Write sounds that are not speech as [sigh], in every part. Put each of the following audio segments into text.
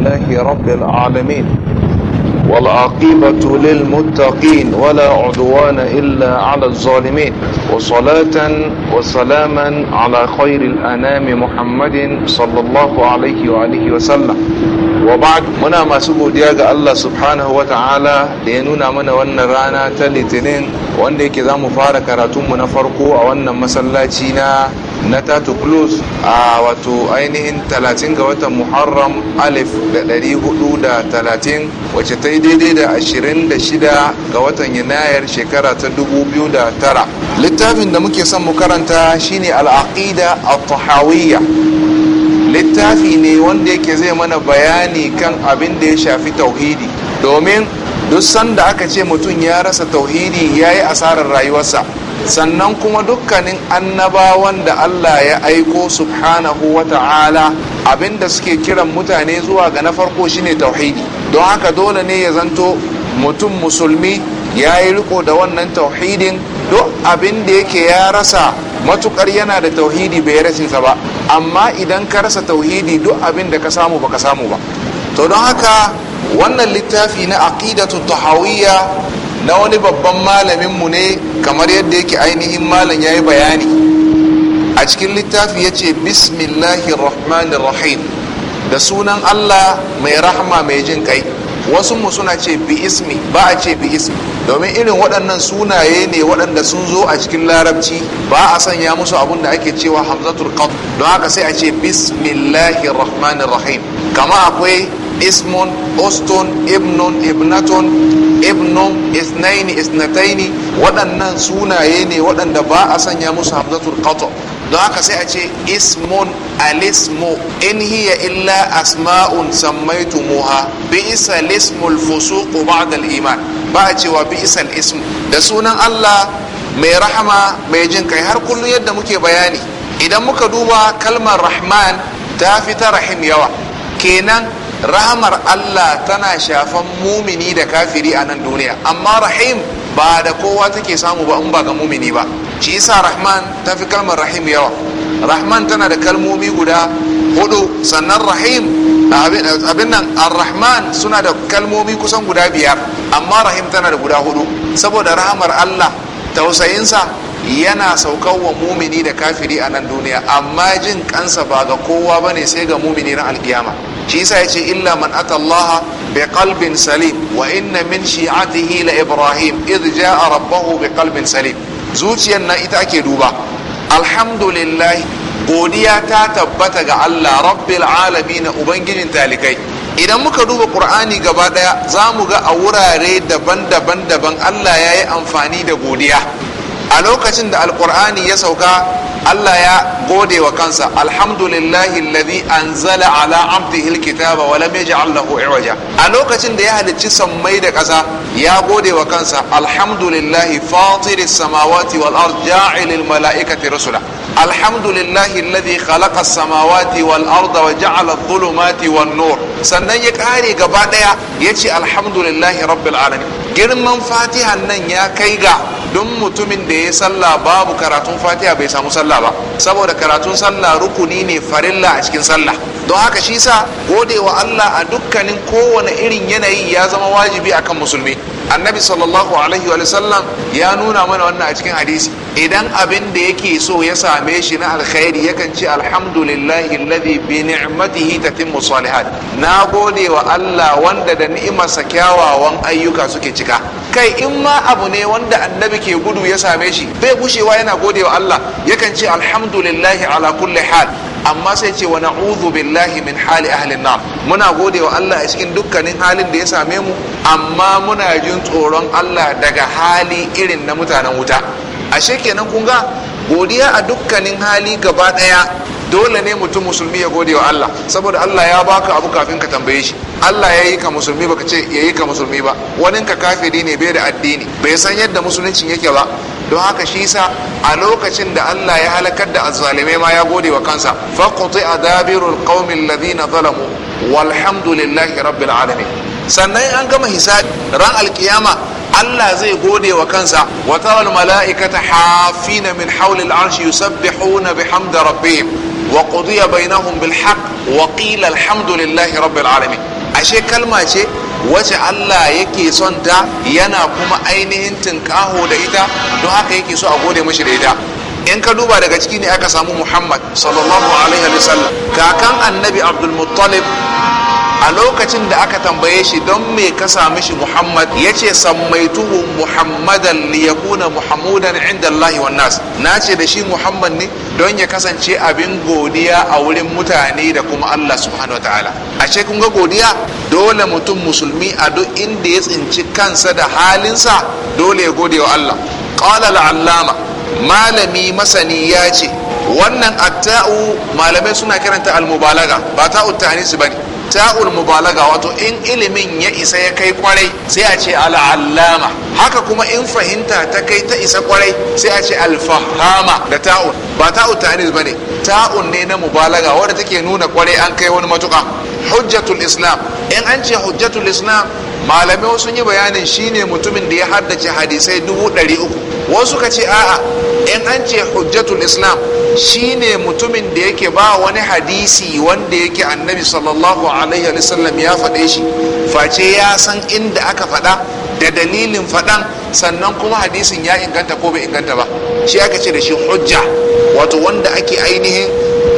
لله رب العالمين والعاقبة للمتقين ولا عدوان إلا على الظالمين وصلاة وسلاما على خير الأنام محمد صلى الله عليه وآله وسلم وبعد منا ما سبو دياغ الله سبحانه وتعالى لينونا من وانا رانا تالي تنين وانا كذا مفارقة راتم نفرقو وانا مسلاتينا na tatu plus a wato ainihin 30 ga watan muharram alif da 430 wacce ta yi daidai da 26 ga watan yanayar shekara ta 2009 littafin da muke son mu karanta shine al'aqida al-tahawiyya littafi ne wanda yake zai mana bayani kan abin da ya shafi tauhidi domin duk sanda aka ce mutum ya rasa tauhidi ya yi asarar rayuwarsa sannan kuma dukkanin annabawan da Allah ya aiko subhanahu wa ta'ala abinda suke kiran mutane zuwa ga na farko shine tauhidi don haka dole ne ya zanto mutum musulmi ya yi riko da wannan tauhidin duk abinda da yake ya rasa matukar yana da tauhidi bai sa ba amma idan ka rasa tauhidi duk abinda ka samu baka samu ba to don haka wannan littafi na aqidatu tahawiyya na wani babban malamin mu ne kamar yadda yake ainihin malam ya yi bayani a cikin littafi ya ce bismillahirrahmanirrahim da sunan allah mai rahama mai jin kai wasu mu suna ce bi ismi ba a ce bi ismi domin irin waɗannan sunaye ne waɗanda sun zo a cikin larabci ba a sanya musu abun da ake cewa hamzatul qat don haka sai a ce bismillahirrahmanirrahim kama akwai Ismun, أست ابن ابنة ابن Isnaini, Isnataini. waɗannan sunaye ne waɗanda ba a sanya musu hamzatul qata don haka sai a ce ismun alismu in hiya illa asma'un muha, bi isa lismul fusu ba'da iman ba a cewa bi isa ismu da sunan Allah mai rahama mai jin kai har kullum yadda muke bayani idan muka duba kalmar rahman ta fita rahim yawa kenan rahamar Allah tana shafan mumini da kafiri a nan duniya amma rahim ba da kowa take samu ba in ba ga mumini ba shi yasa rahman ta fi kalmar rahim yawa rahman tana da kalmomi guda hudu sannan rahim abin nan ar-rahman suna da kalmomi kusan guda biyar amma rahim tana da guda hudu saboda rahamar Allah tausayinsa yana saukar wa mumini da kafiri a nan duniya amma jin kansa ba ga kowa ne sai ga mumini na alkiyama shi yasa ya ce illa man ata Allah bi qalbin salim wa inna min shi'atihi Hila ibrahim idh a rabbahu bi qalbin salim zuciyar na ita ake duba alhamdulillah godiya ta tabbata ga Allah rabbil alamin ubangijin talikai idan muka duba qur'ani gaba daya mu ga a wurare daban-daban daban Allah ya yi amfani da godiya a lokacin da alkur'ani ya sauka Allah ya gode wa kansa alhamdulillahi alladhi anzala ala abdihi alkitaba wa lam yaj'al lahu iwaja a lokacin da ya halicci sammai da ƙasa ya gode wa kansa alhamdulillahi fatiris samawati wal ard ja'ilil mala'ikati rusula Alhamdu الحمد لله الذي خلق السماوات والأرض وجعل wa nur. sannan ya kare gaba ɗaya. ya alhamdu alhamdulillahi rabbil alamin girman fatihan nan ya kai ga don mutumin da ya yi sallah babu karatun fatiha bai samu sallah ba saboda karatun sallah rukuni ne farilla a cikin sallah don haka shi sa godewa Allah a dukkanin kowane irin yanayi ya zama wajibi akan musulmi annabi sallallahu alaihi wa sallam ya nuna mana wannan a cikin hadisi idan abin da yake so ya same shi na alkhairi yakan ce alhamdulillahi alladhi bi ni'matihi tatimmu salihat na gode wa Allah wanda da ni'imarsa kyawawan ayyuka suke cika kai in ma abu ne wanda annabi ke gudu ya same shi bai bushewa yana gode wa Allah yakan ce alhamdulillahi ala kulli hal amma sai ce wa na'udhu billahi min hali ahlin nar muna gode wa Allah a cikin dukkanin halin da ya same mu amma muna jin tsoron Allah daga hali irin na mutanen wuta ashe kenan kun ga godiya a dukkanin hali gaba daya dole ne mutum musulmi ya gode wa Allah saboda Allah ya baka abu kafin ka tambaye shi Allah ya yi ka musulmi baka ce ya yi ka musulmi ba wanin ka kafiri ne bai da addini bai san yadda musuluncin yake ba don haka shi sa a lokacin da Allah ya halakar da azzalimai ma ya gode wa kansa faqti adabirul qaumil ladina zalamu walhamdulillahi rabbil alamin sannan an gama hisabi ran alkiyama Allah zai gode wa kansa wa taral mala'ikata hafina min hawli al'arshi yusabbihuna bihamdi rabbihim وقضي بينهم بالحق وقيل الحمد لله رب العالمين ashe kalma ce wace Allah yake son ta yana kuma ainihin tinkaho da ita don haka yake so a gode mashi da ita in ka duba daga ciki ne aka samu Muhammad sallallahu alaihi wa sallam kakan annabi Abdul Muttalib a lokacin da aka tambaye shi don me ka sami shi muhammad ya ce sammaituhu muhammadan liyakuna yakuna muhammudan inda allahi nas na ce da shi muhammad ne don ya kasance abin godiya a wurin mutane da kuma allah subhanahu wa ta'ala a ce kun ga godiya dole mutum musulmi a duk inda ya tsinci kansa da halinsa dole ya gode wa allah qala al'allama malami masani ya ce wannan atta'u malamai suna kiranta almubalaga. ba ta'u ta'anisi bane ta'ul mubalaga wato in ilimin ya isa ya kai kwarai sai a ce al'allama haka kuma in fahimta ta kai ta isa kwarai sai a ce alfahama da ta'ul. ba ta'ul ta'anis bane Ta'ul ne na mubalaga wanda take nuna kwarai an kai wani matuka hujjatul islam in an ce hujjatul islam malamai sun yi bayanin shine mutumin da ya haddace hadisai dubu ɗari uku wasu ka ce a'a in an ce hujjatul islam shine mutumin da yake ba wani hadisi wanda yake annabi sallallahu alaihi wa sallam ya faɗe shi face ya san inda aka faɗa da dalilin faɗan sannan kuma hadisin ya inganta ko bai inganta ba shi aka ce da shi hujja wato wanda ake ainihin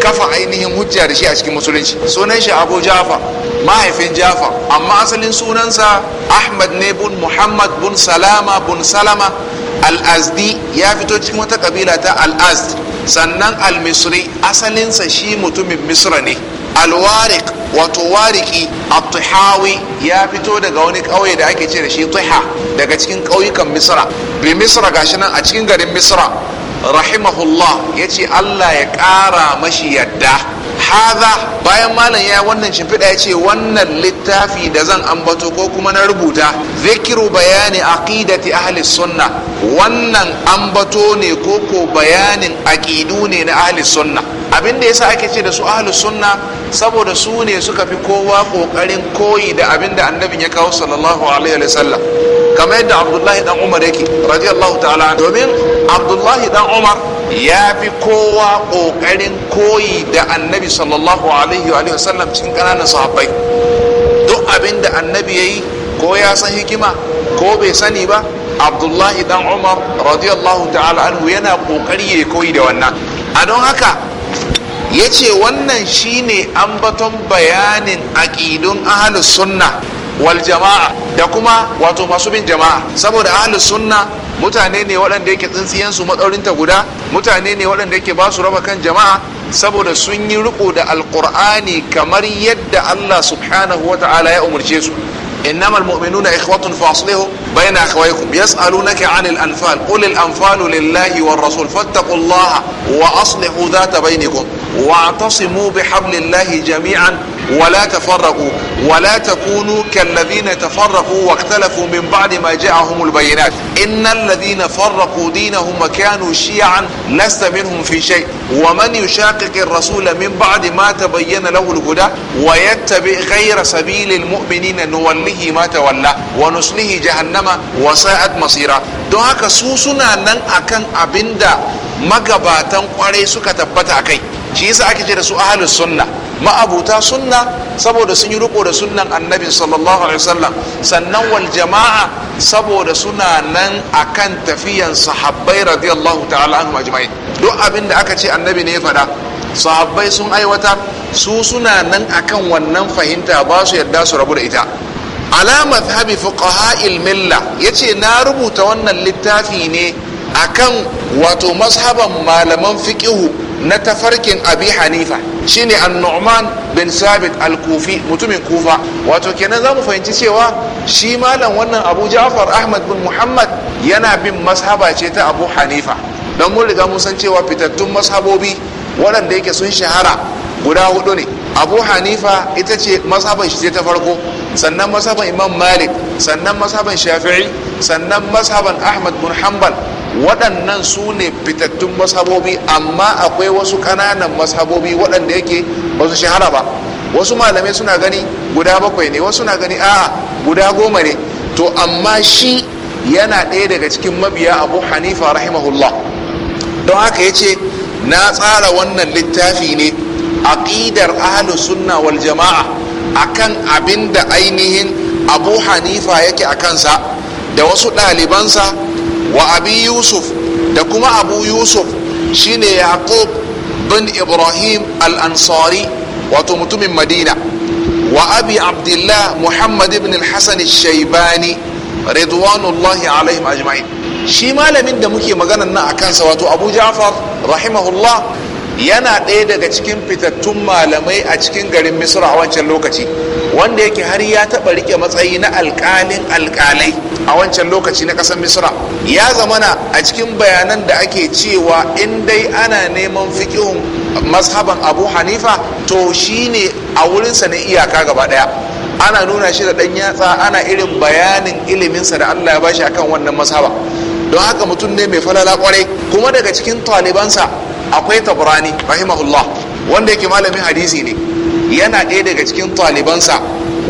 kafa ainihin hujja da shi a cikin musulunci sunan shi abu jafa mahaifin jafa amma asalin sunansa ahmad ne bun muhammad bun salama bun salama al'azdi ya fito cikin wata kabila ta al'azd sannan al-misri asalinsa shi mutumin misra ne al warik wato wariki at ya fito daga wani ƙauye da ake ce da shi tuha daga cikin ƙauyukan misra bi misra gashi nan a cikin garin misra rahimahullah ya ce allah ya ƙara mashi yadda haza bayan malam ya wannan shimfiɗa ya ce wannan littafi da zan ambato ko kuma na rubuta zikiru bayani aqidati ahli sunna wannan ambato ne ko ko bayanin aƙidu ne na ahli sunna abin da sa ake ce da su ahlus sunna saboda su ne suka fi kowa kokarin koyi da abinda da annabin ya kawo sallallahu alaihi wa sallam kamar yadda abdullahi dan umar yake radiyallahu ta'ala domin abdullahi dan umar ya fi kowa kokarin koyi da annabi sallallahu alaihi wa sallam cikin kananan sahabbai duk abinda annabi ya yi ko ya san hikima ko bai sani ba abdullahi dan umar radiyallahu ta'ala anhu yana kokari ya koyi da wannan a don haka ya ce wannan shine ambaton bayanin aƙidun ahalus sunna wal jama'a da kuma wato masu bin jama'a saboda ahalus sunna mutane ne waɗanda yake su matsaurinta guda mutane ne waɗanda yake ba su raba kan jama'a saboda sun yi riko da alƙur'ani kamar yadda allah subhanahu wa ta'ala ya umarce su إنما المؤمنون إخوة فأصلهم بين أخويكم يسألونك عن الأنفال قل الأنفال لله والرسول فاتقوا الله وأصلحوا ذات بينكم واعتصموا بحبل الله جميعا ولا تفرقوا ولا تكونوا كالذين تفرقوا واختلفوا من بعد ما جاءهم البينات ان الذين فرقوا دينهم وكانوا شيعا لست منهم في شيء ومن يشاقق الرسول من بعد ما تبين له الهدى ويتبع غير سبيل المؤمنين نوله ما تولى ونصله جهنم وساءت مصيرا دعاك سوسنا su أكن أبندا مقباتا abinda magabatan كي shi yasa ake ce da su ahlus sunna ma'abuta sunna saboda sun yi riko da sunnan annabi sallallahu alaihi wasallam sannan wal jama'a saboda suna nan akan tafiyan sahabbai radiyallahu ta'ala anhum ajma'in duk abin da aka ce annabi ne ya faɗa sahabbai sun aiwata, su suna nan akan wannan fahimta ba su yarda su rabu da ita ala madhhabi fuqaha'il milla yace na rubuta wannan littafi ne akan wato mazhaban malaman fiqihu na tafarkin abi hanifa shine an-nu'man bin sabit al-kufi mutumin kufa wato kenan za mu fahimci cewa shi malam wannan abu ja'far ahmad bin muhammad yana bin mashaba ce ta abu hanifa don mun riga mun san cewa fitattun mashabobi waɗanda yake sun shahara guda hudu ne abu hanifa ita ce mashaban shi ta farko sannan mashaban imam malik sannan mashaban shafi'i sannan mashaban ahmad bin hanbal waɗannan su ne fitattun mashabobi amma akwai wasu ƙananan mashabobi waɗanda yake ba su shahara ba wasu malamai suna gani guda bakwai ne wasu na gani a'a guda goma ne to amma shi yana ɗaya daga cikin mabiya abu hanifa rahimahullah don haka ya ce na tsara wannan littafi ne aƙidar ahalus sunna wal jama'a akan abin da ainihin abu hanifa yake a kansa da wasu ɗalibansa wa abi yusuf da kuma abu yusuf shine yaqub bin ibrahim al-ansari wato mutumin madina wa abi abdullah muhammad ibn al-hasan al-shaybani ridwanullahi alaihim ajma'in shi malamin da muke maganan nan a kansa wato abu ja'far rahimahullah yana ɗaya daga cikin fitattun malamai a cikin garin misra a wancan lokaci wanda yake har ya taɓa rike matsayi na alƙalin alƙalai a wancan lokaci na ƙasar misra ya zamana a cikin bayanan da ake cewa in dai ana neman fikihun mazhaban abu hanifa to shi ne a wurinsa na iyaka gaba ɗaya ana nuna shi da ɗan yatsa ana irin bayanin iliminsa da allah ya bashi akan wannan mazhaba don haka mutum ne mai falala kwarai kuma daga cikin talibansa akwai tabrani rahimahullah wanda yake malamin hadisi ne yana ɗaya daga cikin talibansa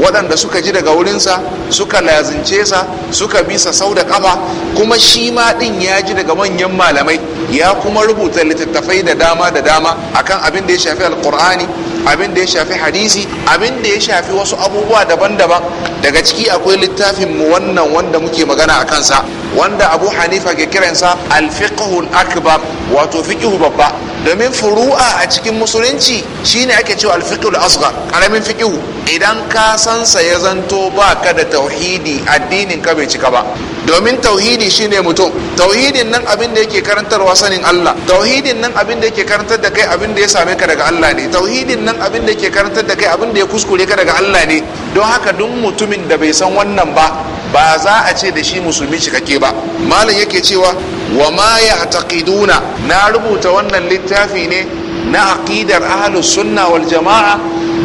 waɗanda suka ji daga wurinsa suka lazince sa suka bisa sau da ƙafa kuma shi ma ɗin ya ji daga manyan malamai ya kuma rubuta littattafai da dama da dama akan abin da ya shafi alƙur'ani abin da ya shafi hadisi abin da ya shafi wasu abubuwa daban-daban daga ciki akwai littafin mu wannan wanda muke magana a kansa wanda abu hanifa ke kiransa alfiqhul akbar wato fiqhu babba domin furu'a a cikin musulunci shine ake cewa alfiqhul asghar karamin fiqhu idan ka san sa ya zanto ba ka da tauhidi addinin ka bai cika ba domin tauhidi shine mutum tauhidin nan abin da yake karantarwa sanin Allah tauhidin nan abin da yake karantar da kai abin da ya same ka daga Allah ne tauhidin nan wannan abin da ke karantar da kai abin da ya kuskure ka daga Allah ne don haka duk mutumin da bai san wannan ba ba za a ce da shi musulmi cikakke ba malam yake cewa wa ma ya'taqiduna na rubuta wannan littafi ne na aqidar ahlus sunna wal jama'a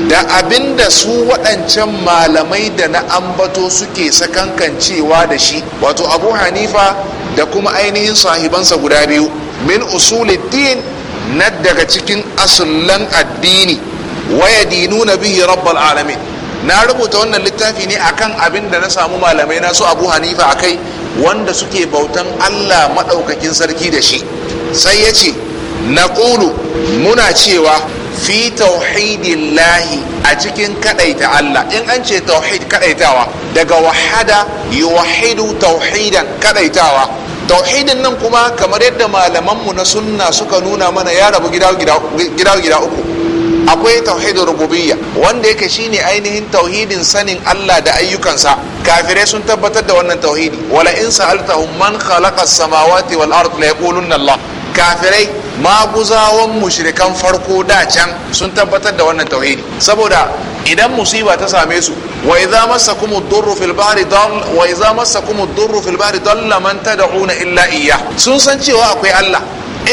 da abinda su waɗancan malamai da na ambato suke sakankancewa da shi wato abu hanifa da kuma ainihin sahibansa guda biyu min usulid din na daga cikin asullan addini waya dinuna bihi rabbal alamin na rubuta wannan littafi ne akan abin da na samu malamai na su abu hanifa akai wanda suke bautan allah maɗaukakin sarki da shi sai ya ce na ƙulu muna cewa fi tauhidin lahi a cikin kadaita Allah in an ce tauhid kadaitawa daga wahada wahidu tauhidan kadaitawa tauhidin nan kuma kamar yadda malamanmu na sunna suka nuna mana ya rabu gida gida uku akwai tauhidin rububiyya wanda yake shine ainihin tauhidin sanin Allah da ayyukansa kafirai sun tabbatar da wannan tauhidi wala in sa'altahum man khalaqa as-samawati wal ard la yaqulunna Allah kafirai maguzawan mushrikan farko da can sun tabbatar da wannan tauhidi saboda idan musiba ta same su wa idza massakum ad-durru fil bahri dal wa idza massakum durru fil bahri man tad'una illa iyyah sun san cewa akwai Allah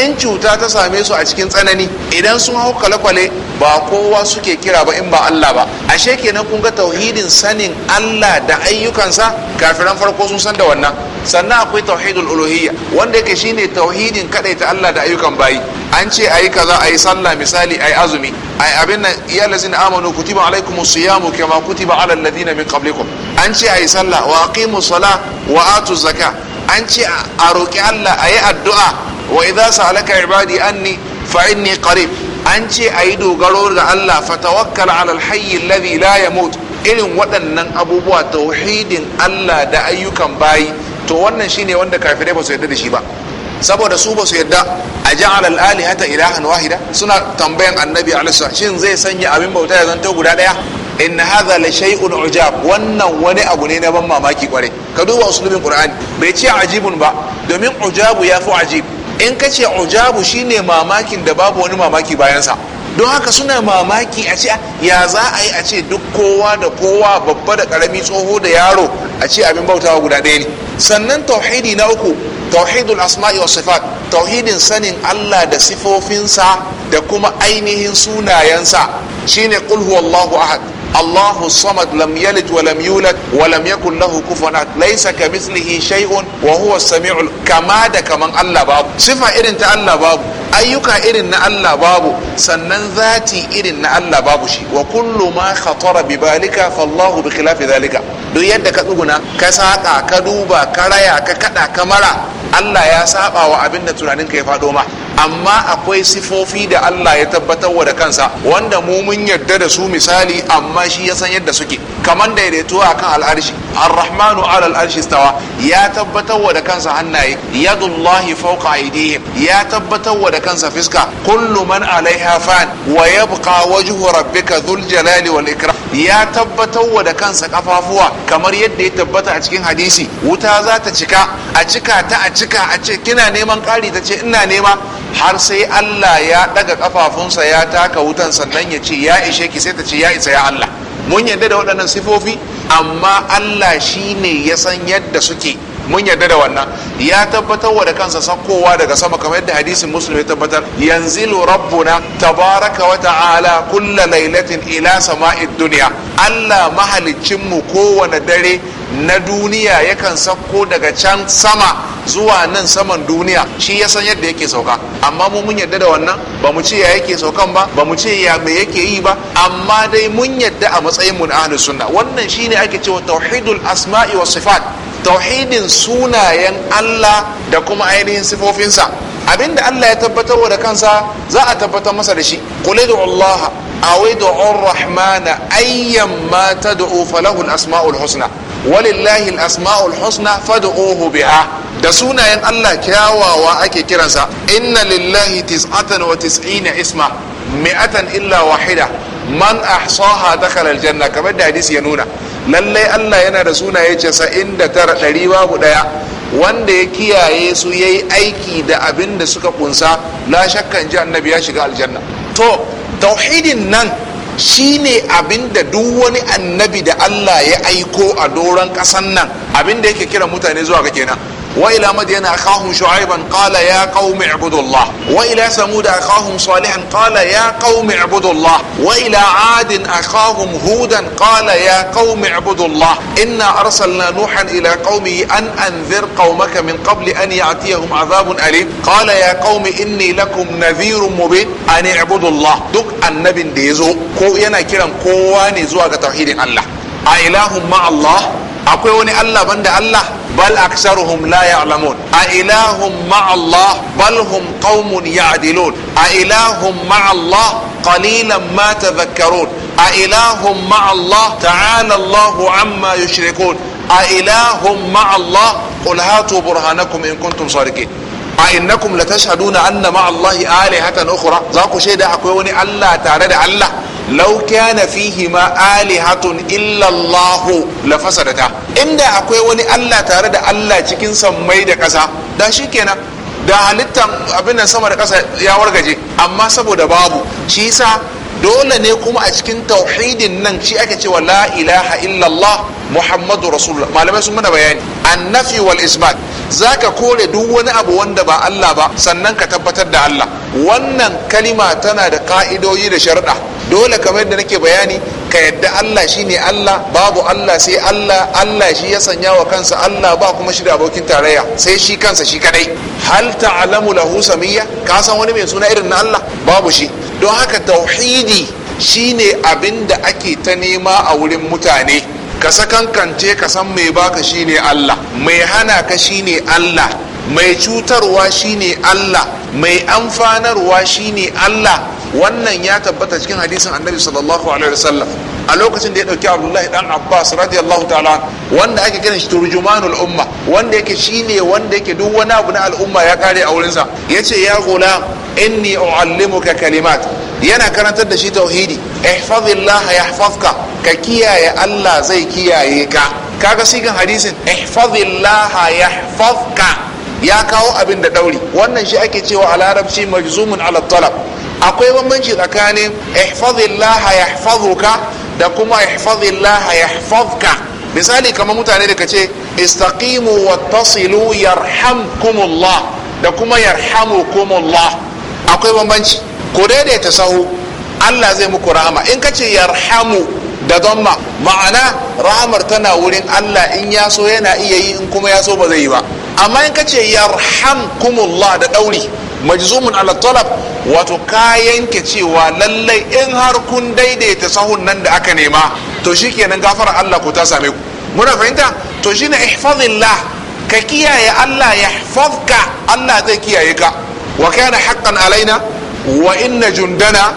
in cuta ta same su a cikin tsanani idan sun hau kwale-kwale ba kowa suke kira ba in ba Allah ba ashe kenan kun ga tauhidin sanin Allah da ayyukansa kafiran farko sun san da wannan sannan akwai tauhidul uluhiyya wanda yake shine tauhidin kadaita Allah da ayyukan bayi an ce ayi kaza ayi sallah misali ayi azumi ayi abin nan ya lazina amanu kutiba alaikumus siyamu kama kutiba alal ladina min qablikum an ce ayi sallah wa aqimus sala wa atuz zakah an ce a roƙi Allah a yi addu'a wa idza sa'alaka ibadi anni fa inni qarib an ce a yi dogaro ga Allah fa alal hayyin alhayy alladhi la yamut irin waɗannan abubuwa tauhidin Allah da ayyukan bayi to wannan shine wanda kafirai ba su yarda da shi ba saboda su ba su yadda a ja'ala al-alihata ilahan wahida suna tambayan annabi alaihi shin zai sanya abin bauta ya zanto guda daya inna hadha la shay'un ujab wannan wani abu ne na ban mamaki kware ka duba uslubin qur'ani bai ce ajibun ba domin ujabu ya fi ajib in ka ce ujabu shine mamakin da babu wani mamaki bayansa don haka suna mamaki a ce ya za a yi a ce duk kowa da kowa babba da karami tsoho da yaro a ce abin bautawa guda ɗaya ne sannan tauhidi na uku tauhidul asma'i wa sifat tauhidin sanin Allah da sifofinsa da kuma ainihin sunayensa shine qul huwallahu ahad Allahu samad lam yalid wa lam yulad wa lam yakul lahu kufuwan ahad laysa kamithlihi shay'un wa huwa as-sami'ul kama da kaman Allah babu sifa irin ta Allah babu ayyuka irin na Allah babu sannan zati irin na Allah babu shi wa kullu ma khatara bi balika fallahu bi khilafi dhalika duk yadda ka tsuguna ka saƙa ka duba ka raya ka kaɗa ka mara allah ya saba wa abin da tunanin ka ya faɗo ma amma akwai sifofi da allah ya tabbatar wa da kansa wanda mu mun yarda da su misali amma shi ya san yadda suke kamar daidaito a kan al'arshi arrahmanu ala al'arshi stawa ya tabbatar wa da kansa hannaye yadullahi fawqa aydihim ya tabbatar wa da kansa fiska kullu man alaiha fan wa yabqa wajhu rabbika dhul jalali wal ikram ya tabbatar wa da kansa kafafuwa kamar yadda ya tabbata a cikin hadisi wuta za ta cika a cika ta a cika a ce kina neman ƙari ta ce ina nema har sai Allah ya ɗaga ƙafafunsa ya taka wutan sannan ya ce ya ishe ki sai ta ce ya isa ya Allah mun yadda da waɗannan sifofi amma Allah ne ya san yadda suke mun yadda da wannan ya tabbatar wa da kansa sakowa daga sama kamar yadda hadisin muslim ya tabbatar yanzilu rabbuna tabaraka wa ta'ala kulla lailatin ila sama'id dunya Allah mahaliccin mu kowane dare na duniya yakan sauko daga can sama zuwa nan saman duniya shi ya san yadda yake sauka amma mu mun yadda da wannan ba mu ce ya yake saukan ba ba mu ce ya me yake yi ba amma dai mun yadda a matsayin mu na ahlus sunna wannan shine ake cewa tauhidul asma'i was sifat tauhidin sunayen Allah da kuma ainihin sifofinsa abinda Allah ya tabbatar wa da kansa za a tabbatar masa da shi qul Allah aw ar-rahmana ayyamma tad'u falahu al-asma'ul husna walillahi al-asma'ul husna fad'uhu da sunayen Allah kyawawa ake kiransa inna lillahi tis'atan wa tis'ina isma mi'atan illa wahida man ahsaha dakhala aljanna kamar da hadisi ya nuna lallai Allah yana da sunaye 99 ɗari babu ɗaya wanda ya kiyaye su yayi aiki da abin da suka kunsa la shakkan ji annabi ya shiga aljanna to tauhidin nan shine abinda duk wani annabi da Allah ya aiko a doron kasan nan abin abinda yake kira mutane zuwa ga kenan وإلى مدين أخاهم شعيبا قال يا قوم اعبدوا الله وإلى ثمود أخاهم صالحا قال يا قوم اعبدوا الله وإلى عاد أخاهم هودا قال يا قوم اعبدوا الله إنا أرسلنا نوحا إلى قومه أن أنذر قومك من قبل أن يأتيهم عذاب أليم قال يا قوم إني لكم نذير مبين أن اعبدوا الله دك النبي ديزو كو ينا كيران كواني زواج توحيد الله أإله مع الله أقول وني الله بند الله بل أكثرهم لا يعلمون أإله مع الله بل هم قوم يعدلون أإله مع الله قليلا ما تذكرون أإله مع الله تعالى الله عما يشركون أإله مع الله قل هاتوا برهانكم إن كنتم صادقين أإنكم لتشهدون أن مع الله آلهة أخرى ذاك شيء ده أكوي الله تعالى الله law kana fihi ma alihatun illa la fasadata inda akwai wani Allah tare da Allah cikin sammai da ƙasa da shikenan da halittar abin nan sama da ƙasa ya wargaje amma saboda babu shi yasa dole ne kuma a cikin tauhidin nan shi ake cewa la ilaha illallah muhammadu rasulullah malamai sun mana bayani annafi wal isbat zaka kore duk wani abu wanda ba Allah ba sannan ka tabbatar da Allah wannan kalima tana da ka'idoyi da sharuɗa dole kamar yadda nake bayani ka yadda Allah shine Allah babu Allah sai Allah Allah shi ya sanya wa kansa Allah ba kuma shi da abokin tarayya sai shi kansa shi kadai hal ta'lamu lahu samiyya ka san wani mai suna irin na Allah babu shi don haka tauhidi shine abin da ake ta nema a wurin mutane ka sakankance ka san mai baka shine Allah mai hana ka shine Allah mai cutarwa shine Allah mai amfanarwa shine Allah wannan ya tabbata cikin hadisin annabi sallallahu alaihi wasallam a lokacin da ya dauki Abdullahi dan Abbas radiyallahu ta'ala wanda ake kiran shi turjumanul umma wanda yake shine wanda yake duk wani abu na al'umma ya kare a wurinsa yace ya gulam inni uallimuka kalimat yana karantar da shi tauhidi ihfazillah yahfazka ka kiyaye Allah zai kiyaye ka kaga sigan hadisin ihfazillah yahfazka ya kawo abin da ɗauri wannan shi ake cewa a larabci majzumun ala talab akwai bambanci tsakanin ihfazillaha yahfazuka da kuma ihfazillaha yahfazka misali kamar mutane da kace istaqimu wattasilu yarhamkumullah da kuma yarhamukumullah akwai bambanci ku daidaita sahu Allah zai muku rahama in kace yarhamu da dhamma ma'ana rahamar tana wurin Allah in ya so yana iya yi in kuma ya so ba zai yi ba amma in kace yarhamkumullah da ɗauri majzumun ala talab wato ka yanke cewa lallai in har kun daidaita sahun nan da aka nema to shikenan gafara Allah ku ta same ku muna fahimta to shine ihfazillah ka kiyaye Allah yahfazka Allah zai kiyaye ka wa kana haqqan alaina wa inna jundana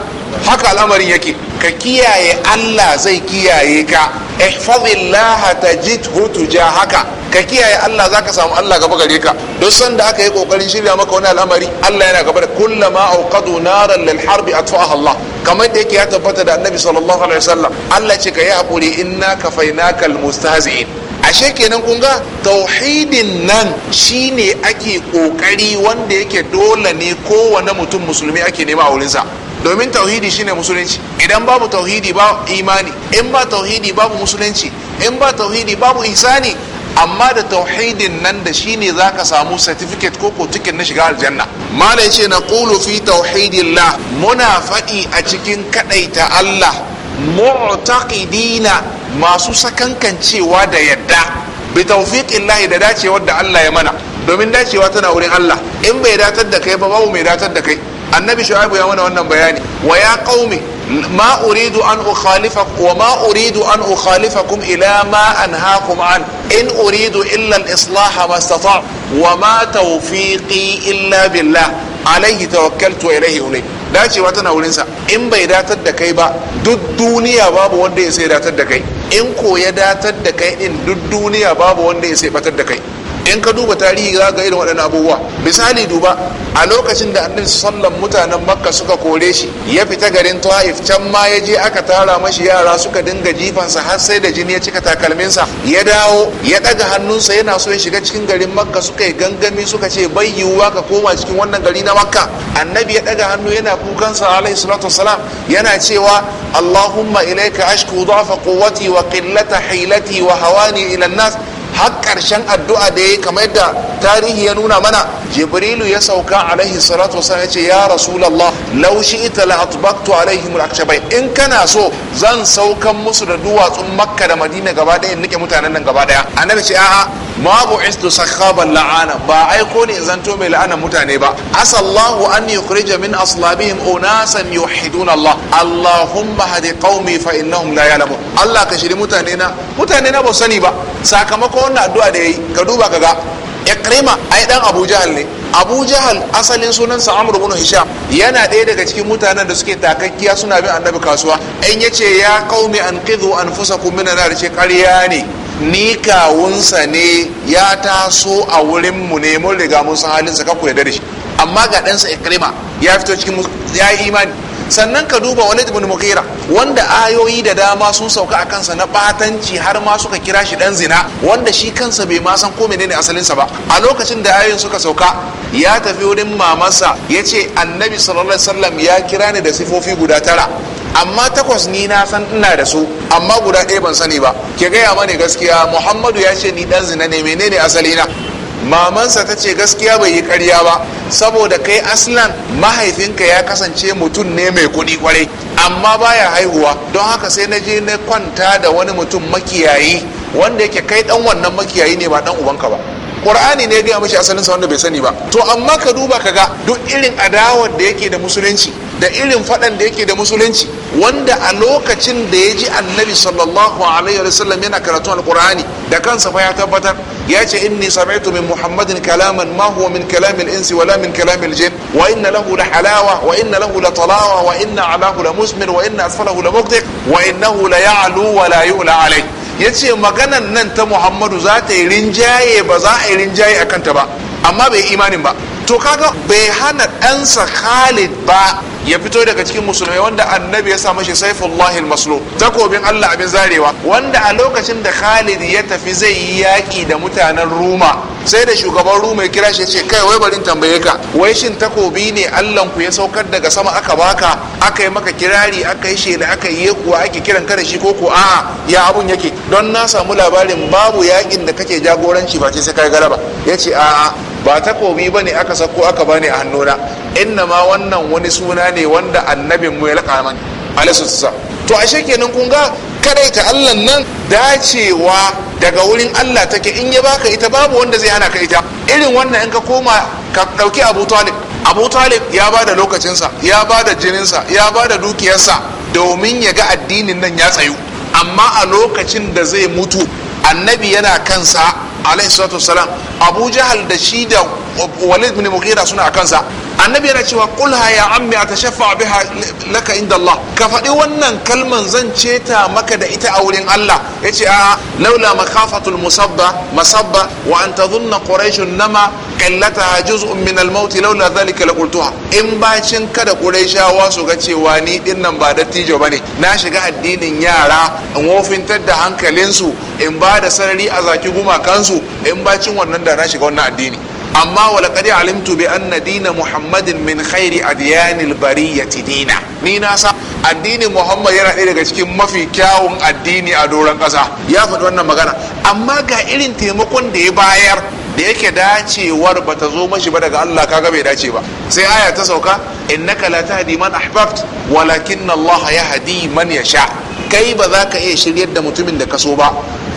haka al'amarin yake ka kiyaye Allah zai kiyaye ka ihfazillah tajidhu tujahaka ka kiyaye Allah zaka samu Allah gaba gare ka don san da aka yi kokarin shirya maka wani al'amari Allah yana gaba da kullama auqadu naran lil harbi atfa'aha Allah kamar da yake ya tabbata da Annabi sallallahu alaihi wasallam Allah ce ka yi hakuri inna kafainaka almustahzi'in ashe kenan kun ga tauhidin nan shine ake kokari wanda yake dole ne kowane mutum musulmi ake nema a wurinsa domin tauhidi shine musulunci idan babu tauhidi ba imani in ba tauhidi babu musulunci in ba tauhidi babu ihsani amma da tauhidin nan da shine zaka samu certificate ko ko na shiga aljanna mala yace na qulu fi tauhidillah muna faɗi a cikin kadaita Allah mu'taqidina masu sakankancewa da yadda bi tawfiqillah da dacewa da Allah ya mana domin dacewa tana wurin Allah in bai datar da kai ba babu mai datar da kai annabi shu'aibu ya mana wannan bayani wa ya qaumi ma uridu an ukhalifakum wa ma uridu an ukhalifakum ila ma anhaakum an in uridu illa al-islah ma istata' wa ma tawfiqi illa billah alayhi tawakkaltu wa ilayhi unib dacewa tana wurin sa in bai datar da kai ba duk duniya babu wanda ya sai datar da kai in ko ya datar da kai din duk duniya babu wanda ya sai batar da kai in ka duba tarihi za ga irin waɗannan abubuwa misali duba a lokacin da annabi sallan mutanen makka suka kore shi ya fita garin ta'if can ma ya je aka tara mashi yara suka dinga jifansa har sai da jini ya cika takalminsa ya dawo ya ɗaga hannunsa yana so ya shiga cikin garin makka suka yi gangami suka ce bai yiwuwa ka koma cikin wannan gari na makka annabi ya ɗaga hannu yana kukansa alaihi salatu wasalam yana cewa allahumma ilaika ashku da'fa quwwati wa qillata hilati wa hawani ila nas har ƙarshen addu'a da ya yi kamar yadda tarihi ya nuna mana jibrilu ya sauka alaihi salatu wasallam ya ce ya rasulallah lau shi ita la atbaqtu alaihim in kana so zan saukan musu da duwatsun makka da madina gaba ɗaya in nike mutanen nan gaba ɗaya annabi ce a'a ma istu sakhaban la'ana ba aiko ne zanto mai la'ana mutane ba asallahu an yukhrija min aslabihim unasan yuhiduna Allah Allahumma hadi qaumi fa innahum la ya'lamun Allah ka shiri mutane na mutane na ba sani ba sakamakon wannan addu'a da yayi ka duba kaga ikrima ai dan Abu Jahal ne Abu Jahal asalin sunansa Amr ibn Hisham yana ɗaya daga cikin mutanen da suke takakkiya suna bin annabi kasuwa in yace ya qaumi anqidhu anfusakum min nar ce ƙarya ne ni kawunsa ne ya taso a wurinmu mu ne mun riga mun san halinsa ka ku da shi amma ga ɗansa ikrima ya fito cikin ya yi imani sannan ka duba wani ibn mughira wanda ayoyi da dama sun sauka a kansa na batanci har ma suka kira shi dan zina wanda shi kansa bai ma san ko menene asalin sa ba a lokacin da ayoyin suka sauka ya tafi wurin mamansa ya ce annabi sallallahu alaihi wasallam ya kira ni da sifofi guda tara amma takwas ni na san ina da su amma guda ɗaya ban sani ba ke gaya mani gaskiya muhammadu ya ce ni dan zina ne menene asalina mamansa ta ce gaskiya bai yi karya ba saboda kai aslan mahaifinka ya kasance mutum ne mai kuɗi kwarai amma baya haihuwa don haka sai na je na kwanta da wani mutum makiyayi wanda yake kai dan wannan makiyayi ne ba dan ubanka ba qur'ani ne ya gaya mishi asalinsa wanda bai sani ba to amma ka duba ka ga duk irin adawar da yake da musulunci da irin fadan da yake da musulunci wanda a lokacin da ya ji annabi sallallahu alaihi wa sallam yana karatu alqur'ani da kansa fa ya tabbatar ya ce inni sami'tu min muhammadin kalaman ma huwa min kalam al insi wala min kalam al jin wa inna lahu la halawa wa inna lahu la talawa wa inna alahu la musmir wa inna asfalahu la mughdiq wa innahu la ya'lu wa la yu'la alayh yace maganan nan ta muhammadu za ta yi rinjaye ba za a yi rinjaye akan ta ba amma bai imanin ba to kaga bai hana ɗansa khalid ba ya fito daga cikin musulmai wanda annabi ya sa mashi saifullahi maslo takobin allah abin zarewa wanda a lokacin da khalid ya tafi zai yi yaƙi da mutanen ruma sai da shugaban ruma ya kira shi ce kai wai barin tambaye ka wai shin takobi ne allan ku ya saukar daga sama aka baka aka yi maka kirari aka yi shela aka yi kuwa ake kiran ka da shi ko ko a'a ya abun yake don na samu labarin babu yaƙin da kake jagoranci ba ce sai kai galaba ya ce a'a ba ta takobi ba ne aka sako aka bani a hannuna inna ma wannan wani suna ne wanda annabin mu ya laƙa mani alaihi to ashe kenan kun ga kadaita Allah nan dacewa daga wurin Allah take in ya baka ita babu wanda zai hana ka ita irin wannan in ka koma ka dauki Abu Talib Abu Talib ya bada lokacinsa ya bada jininsa ya bada dukiyarsa domin ya ga addinin nan ya tsayu amma a lokacin da zai mutu annabi yana kansa عليه الصلاة والسلام أبو جهل دشيدة ووليد بن مغيرة سنة أكنسا annabi yana cewa kulha ya ammi a tashaffa biha laka inda Allah ka faɗi wannan kalman zan ceta maka da ita a wurin Allah ya ce a laula makafatul musabba masabba wa an zunna quraishun nama kallata juz'un min al laula zalika la qultuha in bacin kada quraishawa su ga cewa ni din nan ba dattijo ba ne. na shiga addinin yara in wofintar da hankalinsu in ba da sarari a zaki gumakansu in bacin wannan da na shiga wannan addini amma wala qad alimtu bi anna dina muhammadin min khairi adyanil bariyati dina ni na sa addinin muhammad yana ɗaya daga cikin mafi kyawun addini a doron ƙasa ya faɗi wannan magana amma ga irin taimakon da ya bayar da yake dacewar bata zo mashi ba daga Allah kaga bai dace ba sai aya ta sauka innaka la tahdi man ahbabt walakin Allah yahdi man yasha kai ba za ka iya shiryar da mutumin da ka so ba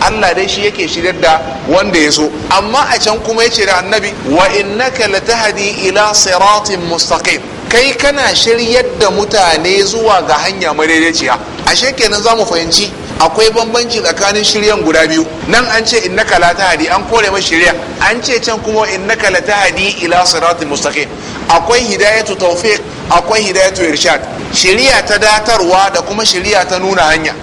Allah dai shi yake shirya da wanda ya so amma a can kuma ya ce da annabi wa innaka latahdi ila siratin mustaqim kai kana shiryar da mutane zuwa ga hanya madaidaiciya ashe kenan za mu fahimci akwai bambanci tsakanin shiryan guda biyu nan an ce innaka latahdi an kore mai shirya an ce can kuma innaka latahdi ila siratin mustaqim akwai hidayatu tawfiq akwai hidayatu irshad shiriya ta datarwa da kuma shiriya ta nuna hanya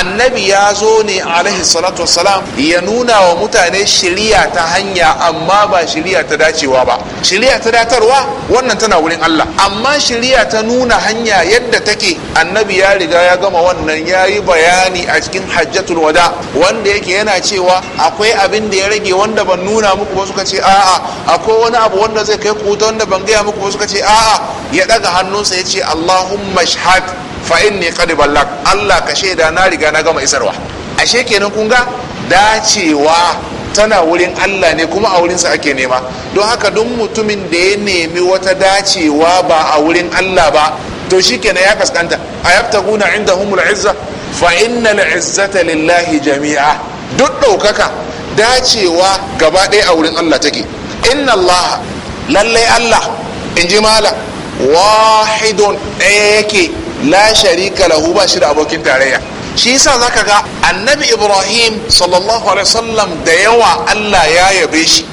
annabi ya zo ne alaihi salatu wasalam ya nuna wa mutane shiriya ta hanya amma ba shiriya ta dacewa ba shiriya ta datarwa wannan tana wurin Allah amma shiriya ta nuna hanya yadda take annabi ya riga ya gama wannan ya yi bayani a cikin hajjatul wada wanda yake yana cewa akwai abin da ya rage wanda ban nuna muku ba suka ce a'a akwai wani abu wanda zai kai kuta wanda ban gaya muku ba suka ce a'a ya daga hannunsa ya ce Allahumma shahad fa inni qad ballak Allah ka shaida na riga na gama isarwa ashe kenan kun ga dacewa tana wurin Allah ne kuma a wurinsa ake nema don haka duk mutumin da ya nemi wata dacewa ba a wurin Allah ba to shikenan ya kaskanta a inda indahumul izza fa innal izzata lillahi jami'a duk ɗaukaka dacewa gaba ɗaya a wurin Allah take inna Allah lallai Allah in ji mala wahidun ɗaya yake la sharika lahu ba shi da abokin tarayya shi yasa zaka ga annabi ibrahim sallallahu alaihi wasallam da yawa Allah ya yabe shi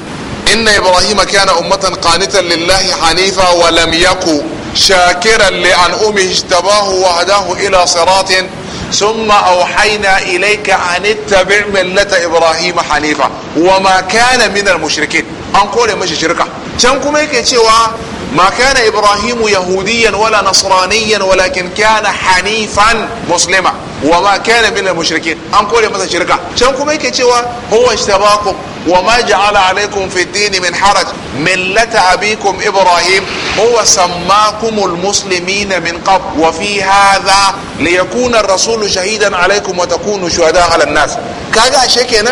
inna ibrahim kana ummatan qanitan lillahi hanifa wa lam yaku shakiran li an umihi ijtabahu wa hadahu ila siratin ثم أوحينا إليك أن اتبع ملة إبراهيم حنيفا وما كان من المشركين أنقول مش شركة كان كما يكي cewa ما كان إبراهيم يهوديا ولا نصرانيا ولكن كان حنيفا مسلما وما كان من المشركين أن كل مثلا شركة شنكم هيك تشوا هو اشتباكم وما جعل عليكم في الدين من حرج ملة أبيكم إبراهيم هو سماكم المسلمين من قبل وفي هذا ليكون الرسول شهيدا عليكم وتكونوا شهداء على الناس كاجا شيء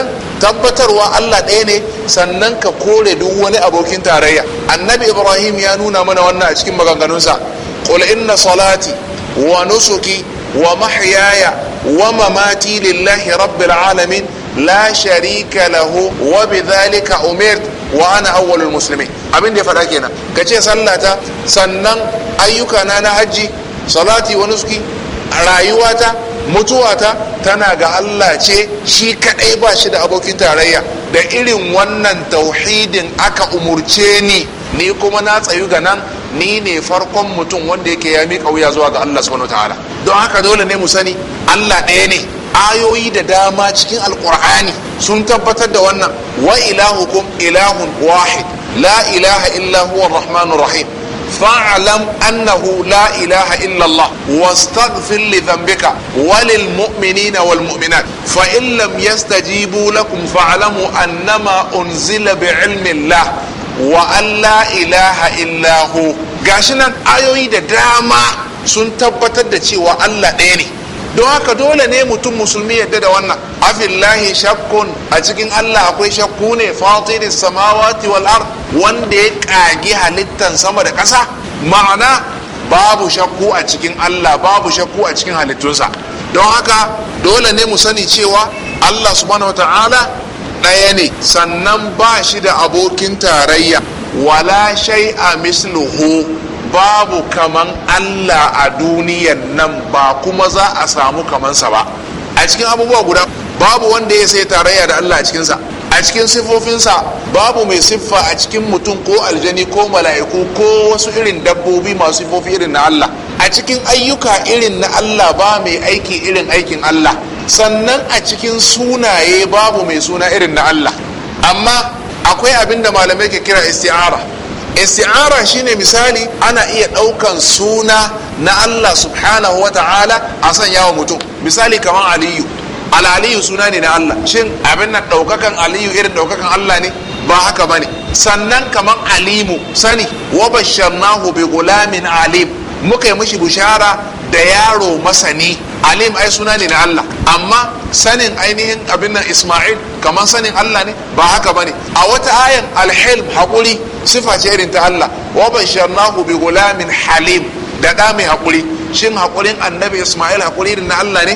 tabbatarwa allah ɗaya ne sannan ka kore duk wani abokin tarayya annabi ibrahim ya nuna mana wannan a cikin maganganunsa qul inna salati wa nusuki wa mahyaya wa mamati lillahi rabbil alamin la sharika lahu wa bidhalika umirtu wa ana awwalul muslimin abin da ya faɗa kenan ka ce sallata sannan ayyuka na na hajji salati wa nusuki rayuwata mutuwata tana ga Allah ce shi kadai ba shi da abokin tarayya da irin wannan tauhidin aka umurce ni ni kuma na tsayu ga nan ni ne farkon mutum wanda yake ya miƙa wuya zuwa ga Allah subhanahu ta'ala don haka dole ne mu sani Allah ɗaya ne ayoyi da dama cikin alkur'ani sun tabbatar da wannan wa ilahukum ilahun wahid la ilaha illa huwa rahmanur rahim fa'alam annahu la ilaha illallah wastaghfir li dhanbika walil mu'minina wal mu'minat fa in lam yastajibu lakum fa'lamu annama unzila bi ilmi Allah wa an la ilaha illahu Gashinan nan ayoyi da dama sun tabbatar da cewa Allah ɗaya ne don haka dole ne mutum musulmi yadda da wannan afillahi shakkun a cikin Allah akwai shakku ne fatiri samawati wal ard wanda ya kagi halittan sama da ƙasa ma'ana babu shakku a cikin Allah babu shakku a cikin halittunsa don haka dole ne mu sani cewa Allah subhanahu ta'ala ɗaya ne sannan ba shi da abokin tarayya wala shay'a misluhu babu kaman allah a duniyan nan ba kuma za a samu kamansa ba a cikin abubuwa guda babu wanda ya sai tarayya da allah a cikinsa a cikin siffofinsa babu mai siffa a cikin mutum ko aljani ko mala'iku ko wasu irin dabbobi masu sifofi irin na allah a cikin ayyuka irin na allah ba mai aiki irin aikin allah sannan a cikin sunaye babu mai suna irin na allah amma akwai abin da malamai ke kira isti'ara isti'ara shine misali ana iya ɗaukan suna na Allah subhanahu wa ta'ala a sanya wa mutum misali kamar aliyu al'aliyu suna ne na Allah shin abin nan ɗaukakan aliyu irin ɗaukakan Allah ne ba haka ba ne. sannan kamar alimu sani wa basharnahu bi gulamin alim muka yi mishi bushara da yaro masani alim ai suna ne na Allah amma sanin ainihin abin nan Isma'il kamar sanin Allah ne ba haka ba ne. a wata ayan alhilm haƙuri sifa ce irin ta Allah wa basharnahu bi gulamin halim da ɗa mai haƙuri shin haƙurin annabi Isma'il haƙuri irin na Allah ne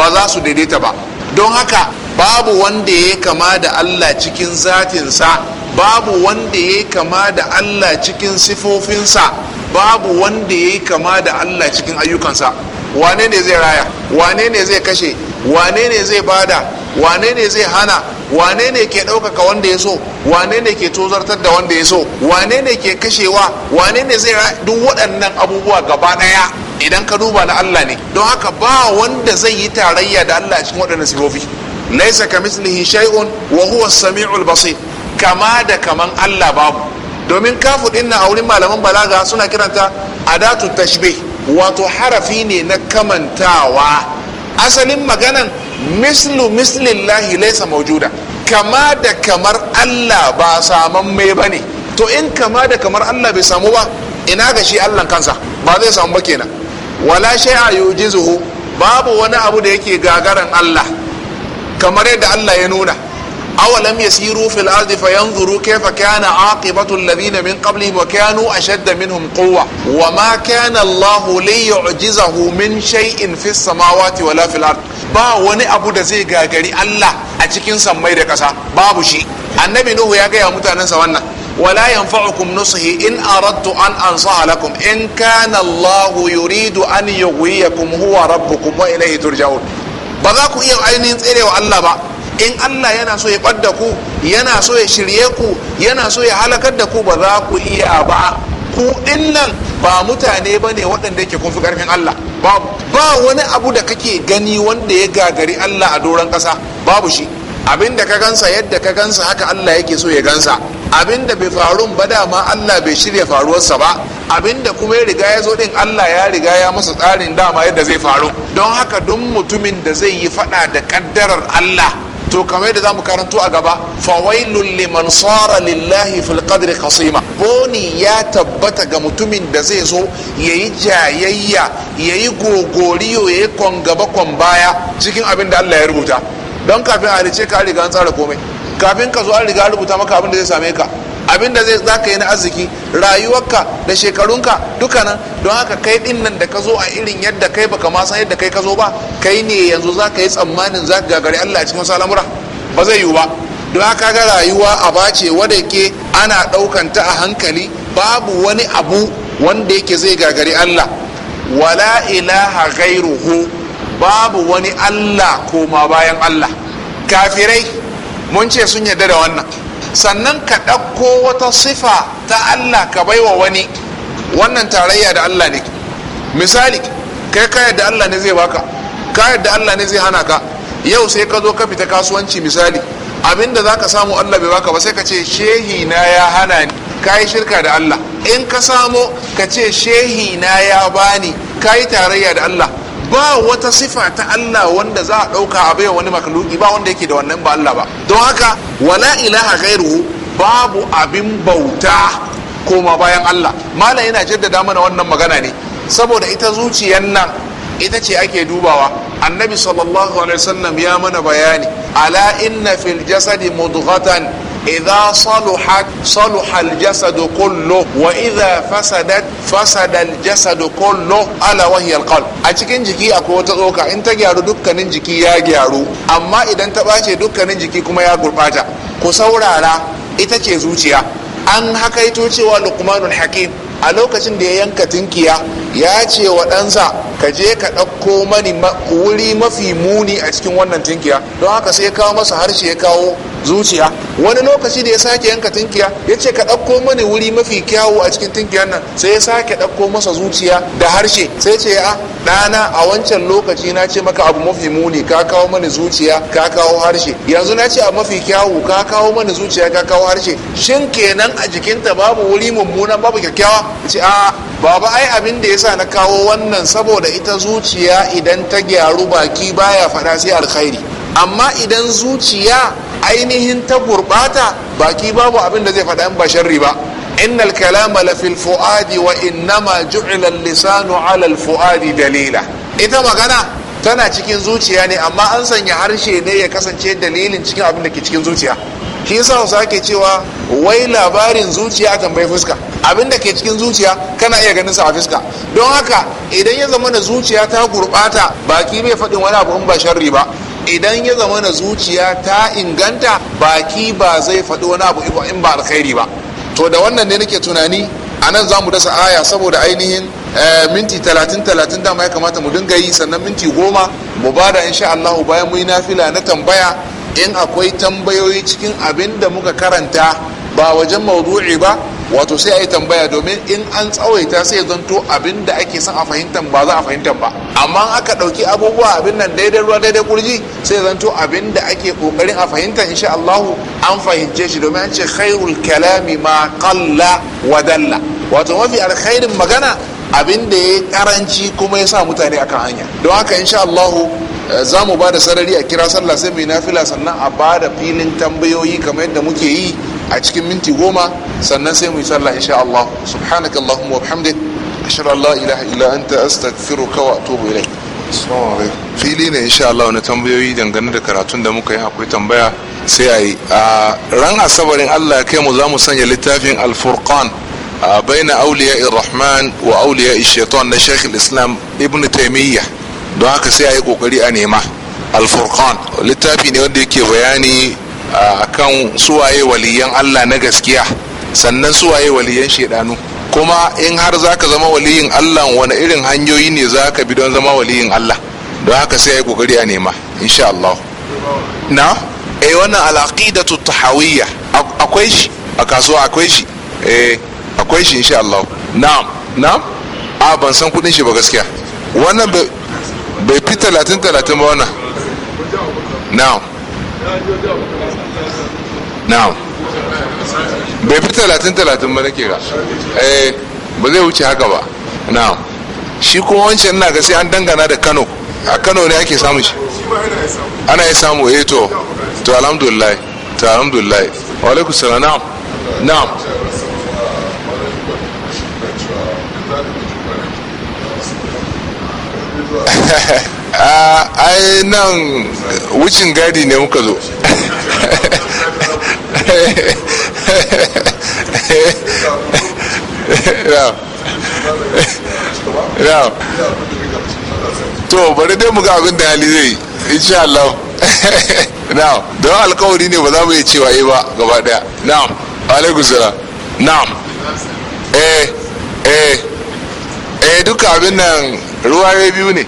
ba za su daidaita ba don haka babu wanda ya kama da Allah cikin zatinsa babu wanda ya kama da Allah cikin sifofinsa babu wanda ya kama da Allah cikin ayyukansa wane ne zai raya wane ne zai kashe wane ne zai bada wane ne zai hana wane ne ke ɗaukaka wanda ya so wane ne ke tozartar da wanda ya so wane ne ke kashewa wane ne zai duk waɗannan abubuwa gaba ɗaya idan ka duba na Allah ne don haka ba wanda zai yi tarayya da Allah cikin waɗannan sifofi laisa ka mislihi shay'un wa huwa samiul basir kama da kaman Allah babu domin kafu dinna na aurin malaman balaga suna kiranta adatu tashbih wato harafi ne na kamantawa asalin maganan mislu mislillahi laisa maujuda kama da kamar allah ba saman mai ba ne to in kama da kamar allah bai samu ba ina ga shi allah kansa ba zai samu ba kenan wala shay'a yujizuhu babu wani abu da yake gagaran allah kamar yadda allah ya nuna awalam yasiru fil ardi fayanzuru kayfa kana aqibatu alladhina min qablihim wa kanu ashadda minhum quwwa wa ma kana Allahu liyu'jizahu min shay'in fis samawati wala fil ard ba wani abu da zai gagari Allah a cikin sammai da ƙasa babu shi annabi nuhu ya gaya mutanensa wannan ولا ينفعكم نصحي إن أردت أن أنصح لكم إن كان الله يريد أن يغويكم هو ربكم وإليه ترجعون بذاكو إيه عينين تسيري الله بقى in allah yana so ya ɓadda ku yana so ya shirye ku yana so ya halakar da ku ba za ku iya ba ku nan ba mutane ba ne waɗanda ke kun fi ƙarfin allah babu ba wani abu da kake gani wanda ya gagari allah a doron ƙasa babu shi abin da ka gansa yadda ka gansa haka allah yake so ya gansa abin da bai faru ba dama allah bai shirya faruwarsa ba abin da kuma ya riga ya zo din Allah ya riga ya masa tsarin dama yadda zai faru don haka duk mutumin da zai yi faɗa da ƙaddarar Allah to kamar da zamu karanto a gaba fawailul liman sara lillahi fil qadri boni ya tabbata ga mutumin da zai zo yayi jayayya yayi gogoriyo yayi kon gaba kon baya cikin abin da Allah ya rubuta don kafin a rice ka riga an tsara komai kafin ka zo an riga rubuta maka abin da zai same ka abinda zai zaka yi na arziki rayuwarka da shekarunka dukanan don haka kai din nan da ka zo a irin yadda kai baka ma san yadda kai ka zo ba kai ne yanzu zaka yi tsammanin za zaka gagari Allah a cikin wasu ba zai yiwu ba don haka ga rayuwa a bace wadda ke ana ɗaukan ta a hankali babu wani abu wanda yake zai gagari Allah wala ilaha gairuhu babu wani Allah koma bayan Allah kafirai mun ce sun yarda da wannan sannan ka ɗauko wata sifa ta allah ka baiwa wani wannan tarayya da allah ne misali kai ka yadda allah ne zai baka ka yadda allah ne zai hana ka yau sai ka zo ka fita kasuwanci misali abinda za ka samu allah bai baka ba sai ka ce shehi na ya hana ni ka yi shirka da allah in ka samo ka ce shehi na ya bani ka yi tarayya da allah ba wata sifa ta Allah wanda za a ɗauka a bai wani makaluki ba wanda yake da wannan ba Allah ba don haka wala ilaha gairu babu abin bauta koma bayan Allah mala yana jaddada mana wannan magana ne saboda ita zuciyar nan ita ce ake dubawa annabi sallallahu alaihi wasallam ya mana bayani ala inna fil jasadi mudghatan idza saluhat saluha al kullu wa idza fasadat fasada al kullu ala wa hiya a cikin jiki akwai wata tsoka in ta gyaru dukkanin jiki ya gyaru amma idan ta bace dukkanin jiki kuma ya gurbata ku saurara ita ce zuciya an hakaito cewa luqmanul hakim a lokacin da ya yanka tinkiya ya ce wa ɗansa ka je ka ɗauko mani wuri mafi muni a cikin wannan tinkiya don haka sai ya kawo masa harshe ya kawo zuciya wani lokaci da ya sake yanka tinkiya ya ce ka ɗauko mani wuri mafi kyawu a cikin tunkiyar nan sai ya sake ɗauko masa zuciya da harshe sai ce a ah, ɗana a wancan lokaci na ce maka abu mafi muni ka kawo mani zuciya ka kawo harshe yanzu na ce abu mafi kyawu ka kawo mani zuciya ka kawo harshe shin kenan a jikinta babu wuri mummuna babu kyakkyawa ce a baba ai abin da yasa na kawo wannan saboda ita zuciya idan ta gyaru baki baya faɗa sai alkhairi amma idan zuciya ainihin ta gurɓata baki babu abin da zai faɗa in ba sharri ba innal kalama la fil fuadi wa innama ju'ila lisanu ala al fuadi dalila ita magana tana cikin zuciya ne amma an sanya harshe ne ya kasance dalilin cikin abin da ke cikin zuciya shi yasa su ake cewa wai labarin zuciya akan bai fuska abin da ke cikin zuciya kana iya ganin sa a fuska don haka idan ya zama na zuciya ta gurbata baki bai faɗin wani abu in ba sharri ba idan ya zama na zuciya ta inganta baki ba zai faɗi wani abu in ba alkhairi ba to da wannan ne nake tunani a nan za mu dasa aya saboda ainihin eh, minti talatin talatin dama ya kamata mu dinga yi sannan minti goma mu bada insha allahu bayan mu yi nafila na tambaya in akwai tambayoyi cikin abin da muka karanta ba wajen maudu'i ba wato sai a yi tambaya domin in an tsawaita sai zanto abin da ake son a fahimtan ba za a fahimtan ba amma aka ɗauki abubuwa abin nan daidai ruwa daidai kurji sai zanto abin da ake ƙoƙarin a fahimta insha Allahu an fahimce shi domin an ce khairul kalami ma qalla wa dalla wato mafi alkhairin magana abin da ya karanci kuma ya sa mutane akan hanya don haka insha Allahu Eh, za mu ba da sarari a kira sallah sai mai nafila sannan a ba da filin tambayoyi kamar yadda muke yi a cikin minti goma sannan sai mu yi sallah insha Allah subhanaka Allahumma wa bihamdik ashhadu an la ilaha illa anta astaghfiruka wa atubu ilayk fili ne insha Allah na tambayoyi dangane da karatun da muka yi akwai tambaya sai a yi a ran asabarin Allah kai mu za mu sanya littafin al-furqan bayna awliya rahman wa awliya shaitan na shaykh islam ibn taymiyyah don haka sai a yi kokari a nema alfurkan littafi ne wanda yake bayani akan suwaye waliyan allah na gaskiya sannan suwaye waliyan shaidanu kuma in har zaka zama waliyin allah wani irin hanyoyi ne zaka bi don zama waliyin allah don haka sai a yi kokari a nema insha allah na eh wannan al'aqidatu tahawiyya akwai shi a kasuwa akwai shi eh akwai shi insha allah na'am na'am a ban san kudin shi ba gaskiya wannan bai fi talatin talatin ba wana now now bai fi talatin talatin ba nake ga eh ba zai wuce haka ba now shi kuma wancan na ga sai an dangana da kano a kano ne ake samun shi ana yi samu eto eh to alhamdulillah to alhamdulillah wa alaikum salam now Ah, ai nan wucin gadi ne muka zo to bari dai muka abin da hali zai insha Allah na'am don alkawari ne ba za mu yi cewa yi eh ba gaba daya na'am alaikum salam na'am eh eh eh duka abin nan ruwa biyu ne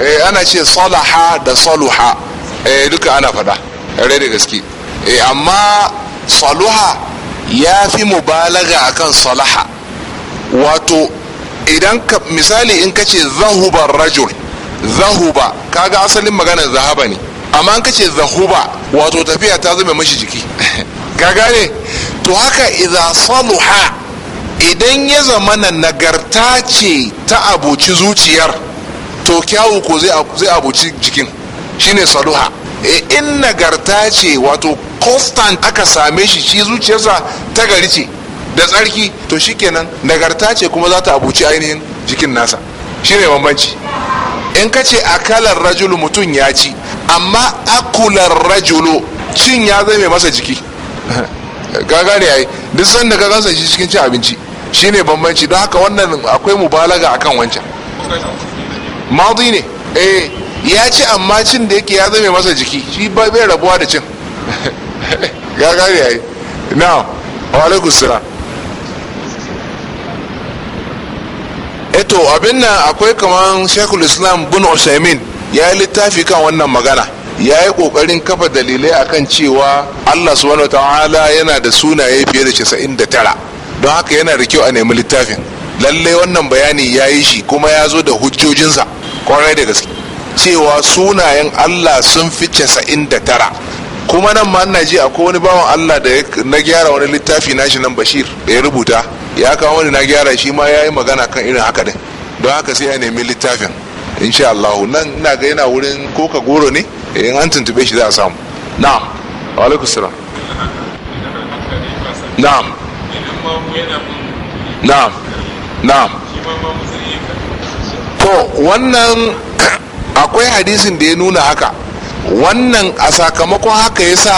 Eh, ana ce salaha da saluha eh, duka ana faɗa rai da gaske eh, amma saluha ya fi mubalaga akan salaha wato idan ka misali in ka ce zahuba rajul zahuba kaga asalin magana zahaba ne amma in ka ce zahuba wato tafiya ta zama mashi jiki [laughs] Gaga ne? to haka idan saluha idan ya zamana nagarta ce ta abuci zuciyar to kyawu ko zai abuci jikin shine saluha e in nagarta ce wato constant aka same shi shi zuciyarsa ta gari ce da tsarki to shikenan nagarta ce kuma za ta abuci ainihin jikin nasa shine bambanci in ka ce akalar rajulu mutum ya ci amma akular rajulu cin ya zai masa jiki [laughs] ka ne yayi duk sanda ka gansa shi cikin cin abinci shine bambanci don haka wannan akwai mubalaga akan wancan madi ne eh ya ci amma cin da yake ya zame masa jiki shi bai rabuwa da cin [laughs] ya gari yayi now wa alaikum salam eto eh abin nan akwai kaman shekul islam bin usaimin ya yi littafi kan wannan magana ya yi kokarin kafa dalilai akan cewa allah wata wahala yana da sunaye fiye da 99 don haka yana da kyau a nemi littafin lallai wannan bayani ya yi shi kuma ya zo da hujjojinsa kwarai da gaske cewa sunayen Allah sun fi casa'in da tara kuma nan ma ji akwai wani bawan Allah da na gyara wani littafi nashi nan Bashir da ya rubuta ya kawo wani na gyara shi ma ya yi magana kan irin haka din don haka sai ya nemi littafin insha allahu nan ina ga yana wurin koka goro ne eh, in an tuntube shi za a samu na'am wa alaikum na'am na'am na'am to wannan [coughs] akwai hadisin da ya nuna haka wannan a sakamakon haka ya yasa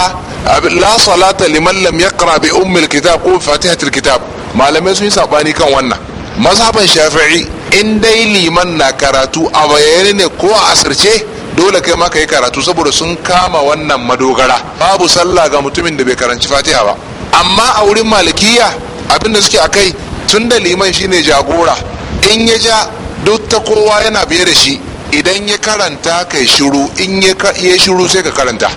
la salata liman lam yaqra bi ummil kitab ko fatihatul kitab malamai sun yi sabani kan wannan mazhaban shafi'i in dai liman na karatu a bayane ne ko a asirce dole kai ma ka yi karatu saboda sun kama wannan madogara babu sallah ga mutumin da bai karanci fatiha ba amma a wurin malikiya abinda suke akai tun da liman shine jagora in ya ja duk ta kowa yana biye da shi idan ya karanta kai shiru in ya shiru sai ka karanta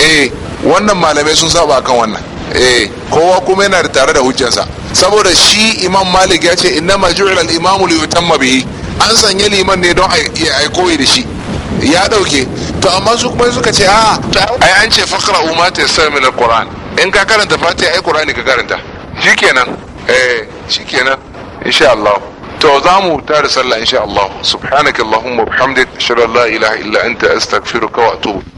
eh wannan malamai sun saba kan wannan eh kowa kuma yana da tare da hujjansa saboda shi imam malik ya ce inna ma ju'ila al imam li yutamma bihi an sanya liman ne don ai koyi da shi ya dauke to amma su kuma suka ce a ah, ai an ce faqra umma tayassara min al qur'an in ka karanta fatiha ai qur'ani ka karanta shikenan eh shikenan insha Allah to za mu tara da sallah insha Allah subhanakallahumma wa bihamdik ashhadu an la ilaha illa anta astaghfiruka wa atubu